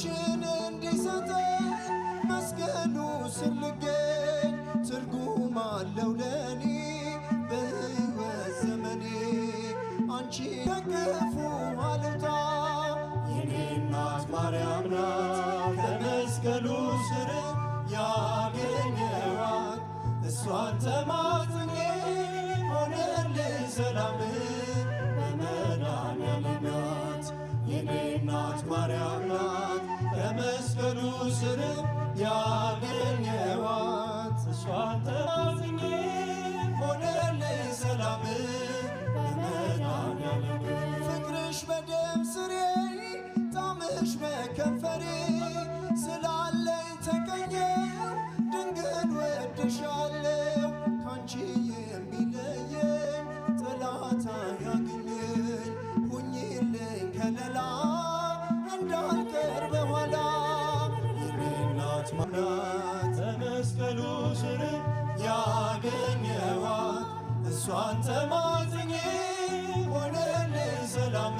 ሰላማችን እንዲሰጠን መስቀሉ ስር ልገኝ ትርጉም አለው ለኔ በሕይወት ዘመኔ አንቺ ከክፉ አለታ የኔ እናት ማርያም ናት ከመስቀሉ ስር ያገኘዋት እሷን ተማ Ya ነውና ስር ያገኘዋት እሷን ተማጽኜ ሆነል ሰላም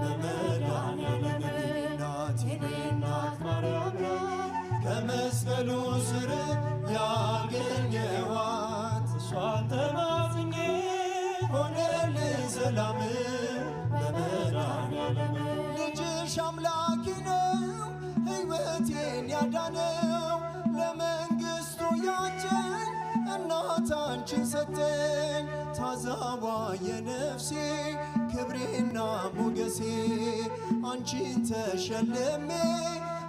በመድኃኒዓለም እናቴ እናት ማርያም ከመስቀሉ ስር ያገኘዋት እሷን ተማጽኜ ሆነል ሰላም በመድኃኒዓለም ልጅሽ አምላክ ያዳነው ለመንግስቱ ያችን እናት አንቺን ሰጠን ታዛቧ የነፍሴ ክብሬና ሞገሴ አንቺን ተሸልሜ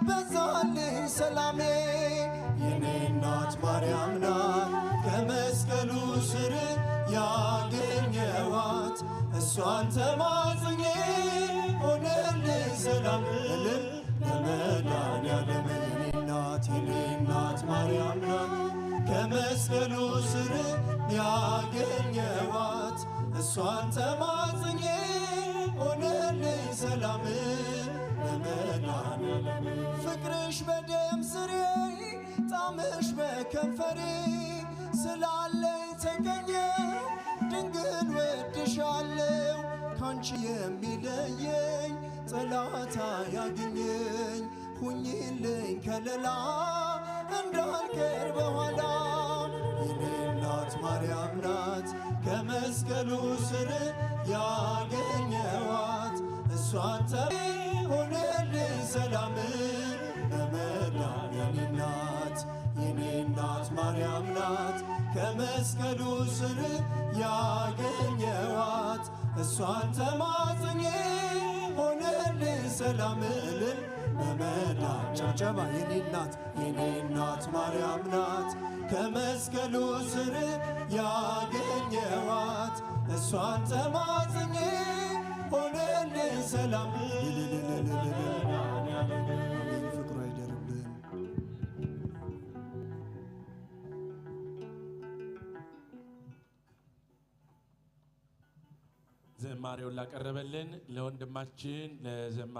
በዛልኝ ሰላሜ የኔ እናት ማርያም ናት ከመስቀሉ ስር ያገኘዋት እሷን ተማጽኝ ከመስቀሉ ስር ያገኘዋት እሷን ተማጽኜ ሆነልኝ ሰላም ለመድኃኔዓለም ፍቅርሽ በደም ስሬ ጣምሽ በከንፈሬ ስላለኝ ተገኘ ድንግል ወድሻለው ካንቺ የሚለየኝ ጠላታ ያግኘኝ ሁኝልኝ ከለላ እንዳልቀር በኋላ የኔ እናት ማርያም ናት ከመስቀሉ ስር ያገኘዋት እሷን ተ ሆነልኝ ሰላም በመድኃኔዓለም ናት የኔ እናት ማርያም ናት ከመስቀሉ ስር ያገኘዋት እሷን ተማጽኜ ሆነልን ሰላም እልል በመላ ጨብጨባ የኔ እናት የኔ እናት ማርያም ናት ከመስቀሉ ስር ያገኘዋት እሷን ተማጽኜ ሆነልን ሰላም ዝማሬውን ላቀረበልን ለወንድማችን ለዘማ